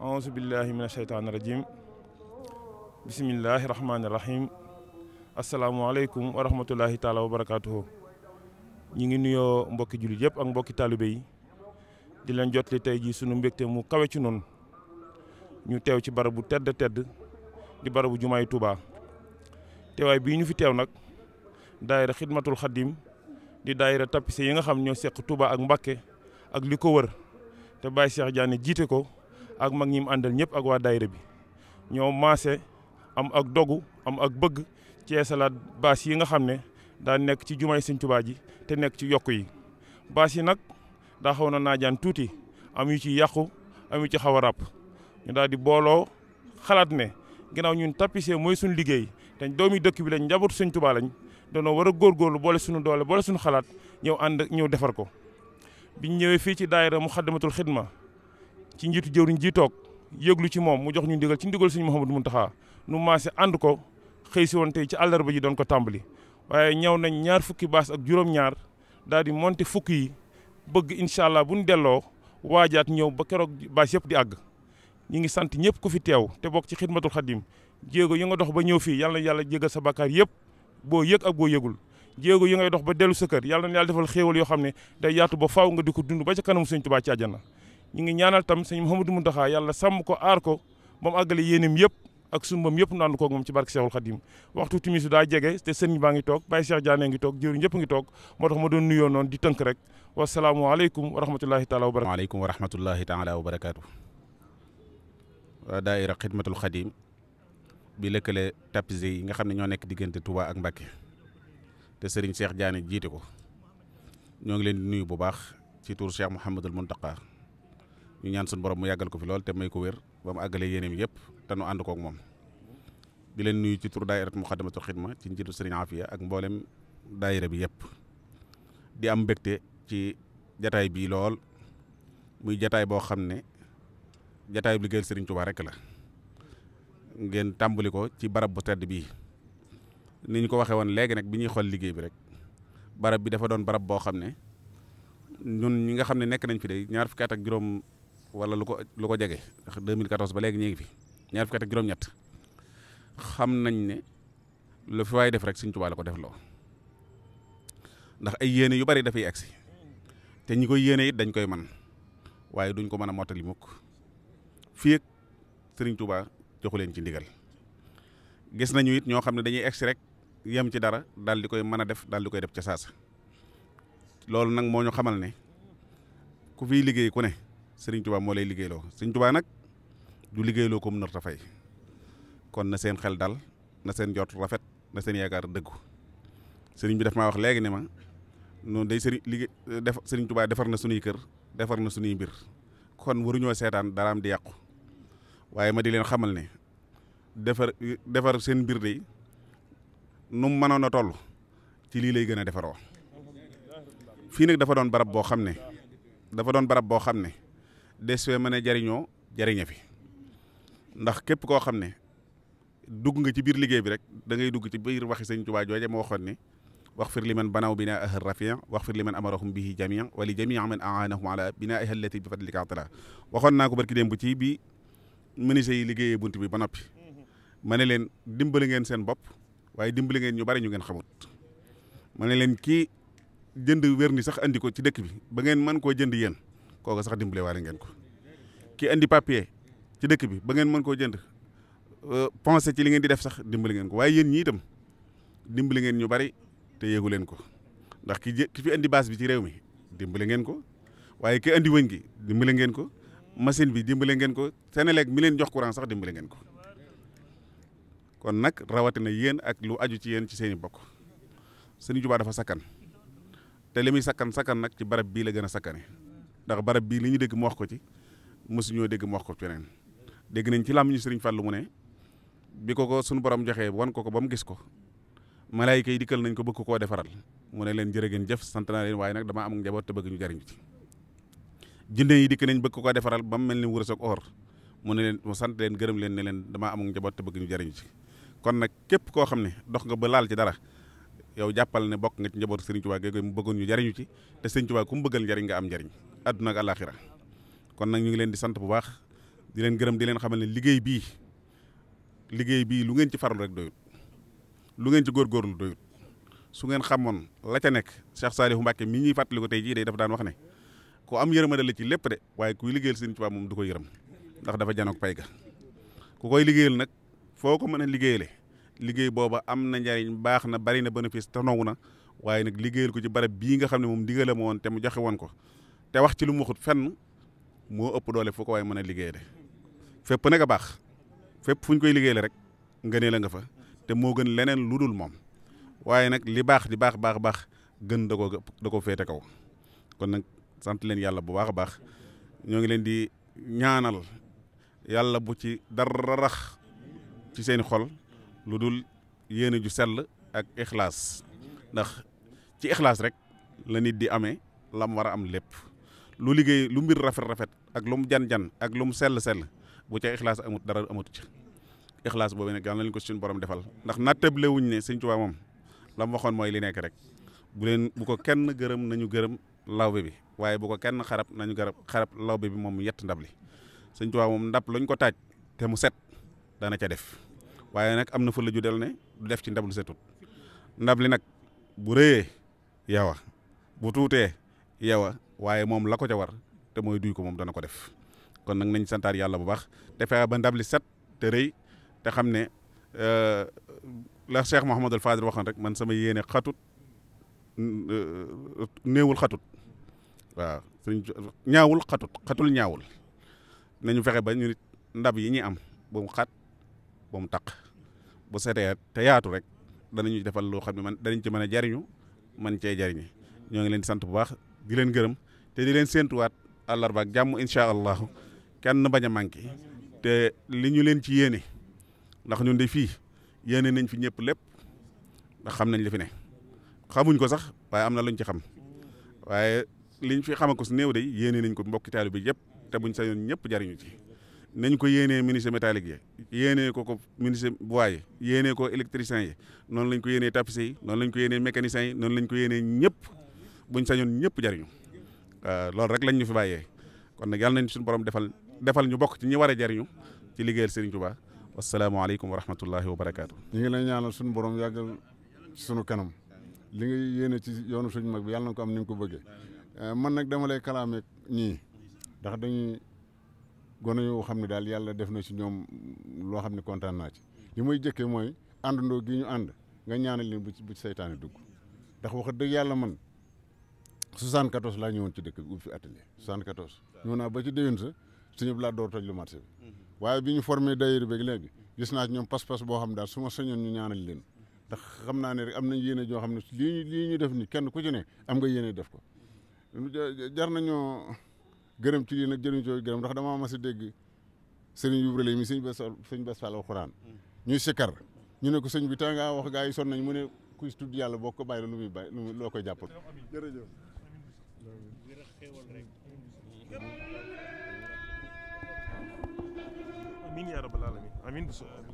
auzu billahi min asheytaani rajim bisimillahi rahmaani rahim asalaamualeykum wa rahmatullahi taala wa ñi ngi nuyoo mbokki jullit yëpp ak mbokki taalibe yi di leen jot tey ji sunu mbégte mu kawe ci noonu ñu teew ci barabu tedd tedd di barabu jumaay Touba teewaay bii ñu fi teew nag daayira xidmatul xadim di daayira tappise yi nga xam ñoo seq Touba ak mbakke ak li ko wër te Baye Cheikh Diagne jiite ko ak mag ñi mu àndal ñëpp ak waa daayira bi ñoo maase am ak dogu am ak bëgg ceesalaat baas yi nga xam ne daa nekk ci jumaay suñ Tuubaa ji te nekk ci yokk yi baas yi nag daa xaw na naajaan tuuti am yu ci yàqu am yu ci xaw a ràpp ñu daal di booloo xalaat ne ginnaaw ñun tapissier mooy suñu liggéey te doomi dëkk bi lañ njabootu Sëñ Tuubaa lañ danoo war a góorgóorlu boole suñu doole boole suñu xalaat ñëw ànd ñëw defar ko biñ ñëwee fii ci daayira Muxaddamatul Xidma ci njiitu jëwriñ ji toog yëglu ci moom mu jox ñu ndigal ci ndigal sëñ Mouhamadou Mountakha nu maase ànd ko xëy si woon tey ci àllarba ji doon ko tàmbali waaye ñëw nañ ñaar fukki baas ak juróom-ñaar daal di fukki bëgg incha allah bu ñu delloo waajaat ñëw ba keroog baas yëpp di àgg ñu ngi sant ñëpp ku fi teew te bokk ci xidmatul xadim jéego yi nga dox ba ñëw fii yàlla na yàlla jégal sa bakkaar yëpp boo yëg ak boo yëgul jéego yi ngay dox ba dellu sa kër yàlla na yàlla defal yoo xam ne day yaatu ba faaw nga di ko dund ba ca kanamu sëñ Tuubaa ci àjjana ñu ngi ñaanal tam sëñ Mouhamadou Mountakha yàlla sàmm ko aar ko moom àggale yéeneem yëpp ak sumbam yëpp naanu koog moom ci barke Cheikhul Khadim waxtu timis daa jege te sëñ baa ngi toog Baye Cheikh Diané ngi toog jëriñ ñëpp ngi toog moo tax ma doon nuyoo noonu di tënk rek wasalaamualeykum wa rahmatulahi taala wa barakaatu. waaleykum wa rahmatulahi taala wa barakaatu. waa daaira Xidmatul Xadim bi lëkkale tapissiers yi nga xam ne ñoo nekk diggante Touba ak Mbacké te Serigne seex Diané jiite ko ñoo ngi leen di nuyu bu baax ci tur Cheikh Mouhamadul Mountakha ñu ñaan suñu borom mu yàggal ko fi lool te may ko wér ba mu àggalee yéeneem yëpp te nu ànd koog moom di leen nuyu ci tur daayirat Muxaddamatul Xidma ci njiitu Sëriñ Afia ak mboolem daayira bi yëpp am mbégte ci jataay bii lool muy jataay boo xam ne jataay bi liggéeyal Sëriñ Tuubaa rek la ngeen tàmbali ko ci barab bu tedd bii ni ko waxee woon léegi nag bi ñuy xool liggéey bi rek barab bi dafa doon barab boo xam ne ñun ñi nga xam ne nekk nañ fi de ñaar fukki at juróom wala lu ko lu ko jege ndax 2014 ba léegi ñu ngi fi ñaar fukki at juróom-ñett xam nañ ne lu fi waay def rek Sëñ Tuubaa la ko def loo ndax ay yéene yu bari dafay agsi te ñi koy yéene it dañ koy man waaye duñ ko mën a mottali mukk fii ak Sëriñ Tuubaa joxu leen ci ndigal gis nañu it ñoo xam ne dañuy agsi rek yem ci dara daal di koy mën a def daal di koy def ca saasa loolu nag moo ñu xamal ne ku fiy liggéey ku ne. sëriñ Tuubaa moo lay liggéeyloo sëriñ Tuubaa nag du liggéeyloo ko mu nar ta fay kon na seen xel dal na seen jot rafet na seen yaakaar dëggu sëriñ bi daf maa wax léegi ne ma noonu day sëriñ liggéey def sëriñ Tuubaa na sunuy kër defar na sunuy mbir kon waruñoo seetaan daraam di yàqu waaye ma di leen xamal ne defar defar seen mbir de nu mënoon a toll ci lii lay gën a defaroo fii nag dafa doon barab boo xam ne dafa doon barab boo xam ne des fee mën a jariñoo jariñe fi ndax képp koo xam ne dug nga ci biir liggéey bi rek dangay ngay dugg ci biir waxi sëñ Tuubaa jooje moo waxoon ni wax fir li man banaw binaa ahal rafia wax fir li man amarahum bihi jamian wali jamia man aanahum ala binaa ahal lati bi fadlika taala waxoon naa ko barki démb ci bi menuisier yi liggéeyee bunt bi ba noppi ma ne leen dimbali ngeen seen bopp waaye dimbali ngeen ñu bari ñu ngeen xamut ma ne leen kii jënd wér ni sax andi ko ci dëkk bi ba ngeen mën koo jënd yéen kooku sax dimbale waale ngeen ko ki andi papier ci dëkk bi ba ngeen mën koo jënd euh, ponse ci li ngeen di def sax dimbali ngeen ko waaye yéen ñi itam dimbali ngeen ñu bari te yéegu leen ko ndax ki ki fi andi base bi ci réew mi dimbale ngeen ko waaye ki andi wëñ gi dimbale ngeen ko machine bi dimbale ngeen ko Senelec mi leen jox courant sax dimbale ngeen ko kon nag rawatina yéen ak lu aju ci yéen ci seen i bokk Sëriñ Tuubaa dafa sakkan te li muy sakkan sakkan nag ci barab bii la gën a sakkane ndax barab bii li ñu dégg mu wax ko ci mosuñoo dégg mu wax ko feneen dégg nañ ci làmmiñu Sëriñ Fallu mu ne bi ko ko sunu borom joxe wan ko ko ba mu gis ko malaayika yi dikkal nañ ko bëgg koo defaral mu ne leen jërë ngeen jëf sant naa leen waaye nag dama am njaboot te bëgg ñu jariñu ci jinne yi dikk nañ bëgg koo defaral ba mu mel ni wurus ak or mu ne leen mu sant leen gërëm leen ne leen damaa am njaboot te bëgg ñu jariñu ci kon nag képp koo xam ne dox nga ba laal ci dara yow jàppal ne bokk nga ci njabootu Serigne Touba géegooy mu bëggoon ñu jariñu ci te Serigne Touba ku mu bëggal njariñ nga am njariñ àdduna ak àlaxira kon nag ñu ngi leen di sant bu baax di leen gërëm di leen xamal ne liggéey bii liggéey bii lu ngeen ci farlu rek doyut lu ngeen ci góor góorgóorlu doyut su ngeen xamoon la ca nekk Cheikh Saliou Mbacke mi ñuy fàttali ko tey jii day dafa daan wax ne ku am yërëmande la ci lépp de waaye kuy liggéeyal Serigne Touba moom du ko yërëm ndax dafa janoog pay ga ku koy liggéeyal nag foo ko mën a liggéeyale liggéey booba am na njariñ baax na bari na bénéfice te nangu na waaye nag liggéeyal ko ci bare bii nga xam ne moom digale ma woon te mu joxe woon ko te wax ci lu mu waxut fenn moo ëpp doole foo ko waaye mën a liggéey fépp nag a baax fépp fu ñu koy liggéeyal rek ngënee la nga fa te moo gën leneen lu dul moom waaye nag li baax di baax baax baax gën da koo da koo féete kaw kon nag sant leen yàlla bu baax a baax ñoo ngi leen di ñaanal yàlla bu ci dara ci seen xol lu dul yéene ju sell ak ixlaas ndax ci ixlaas rek la nit di amee lam war a am lépp lu liggéey lu mbir rafet rafet ak lu mu jan-jan ak lu mu sell sell bu ca ixlaas amut dara amatu ci ixlaas boobu nag yàlla nañ ko suñu borom defal ndax nattable wuñ ne Sëñ moom la mu waxoon mooy li nekk rek bu leen bu ko kenn gërëm nañu gërëm lawbe bi waaye bu ko kenn xarab nañu garab xarab lawbe bi moom yett ndab li Sëñ waa moom ndab luñ ko taaj te mu set dana ca def waaye nag am na fa la ju del ne du def ci ndab lu setut ndab li nag bu rëyee yow a bu tuutee yow a waaye moom la ko ca war te mooy duy ko moom dana ko def kon nag nañ santaar yàlla bu baax te fexe ba ndabli li set te rëy te xam ne euh, la Cheikh Mouhamadul Fadil waxoon rek man sama yéene xatut euh, néewul xatut waaw suñ ñaawul xatut xatul ñaawul nañu fexe ba ñu ndab yi ñuy am bu xat ba mu taq bu setee te yaatu rek danañu defal loo xam ne man danañ ci mën a jariñu man cee jariñe ñoo ngi leen sant bu baax di leen gërëm te di leen séentuwaat àllarba ak jàmm incha allahu kenn bañ a manqué te li ñu leen ci yéene ndax ñun de fii yéene nañ fi ñëpp lépp ndax xam nañ li fi ne xamuñ ko sax waaye am na luñ ci xam waaye liñ fi xama ko su néew de yéene nañ ko mbokki taalibe bi yëpp te buñ sañoon ñëpp jariñu ci nañ ko yéenee menuisier métallique yi yéenee ko ko menuisier bois yi ko électricien yi noonu lañ ko yéenee tapissier yi noonu lañ ko yéenee mécanicien yi noonu lañ ko yéenee ñëpp buñ sañoon ñëpp jariñu euh, loolu rek lañ ñu fi bàyyee kon nag yàlla nañ suñu borom defal defal ñu bokk ci ñu war a jariñu ci liggéeyal Serigne Touba wasalaamaaleykum wa rahmatullahi wa barakaatu. ñu ngi lay ñaanal suñu borom yàggal suñu kanam li nga yéene ci yoonu suñu mag bi yàlla na ko am ko bëggee euh, man nag dama lay ñii gone yoo xam ne daal yàlla def na ci ñoom loo xam ne kontaan naa ci li may jëkkee mooy àndandoo gi ñu ànd nga ñaanal leen bu ci bu ci saytaane dugg ndax wax dëgg yàlla man 74 laa ñëwoon ci dëkk bi ubbi fi atelier 74. ñëw naa ba ci déwén sa suñu laa door toj lu marché bi mhm. waaye bi ñu formé daayira beeg léegi gis naa ci ñoom pas-pas boo xam ne daal su ma soñoon ñu ñaanal leen ndax xam naa ne rek am nañ yéene joo xam ne lii ñu lii ñu def nii kenn ku ci ne am nga yéene def ko gërëm ci lii nag gërëm ndax dama mas a dégg sëriñ Ibra Laye mi sëñ bes sëñ bes Fall alxuraan ñuy sikkar ñu ne ko sëñ bi te ngaa wax gaa yi son nañ mu ne kuy tudd yàlla boo ko bàyyi lu muy bàyyi lu loo koy jàppal jërëjëf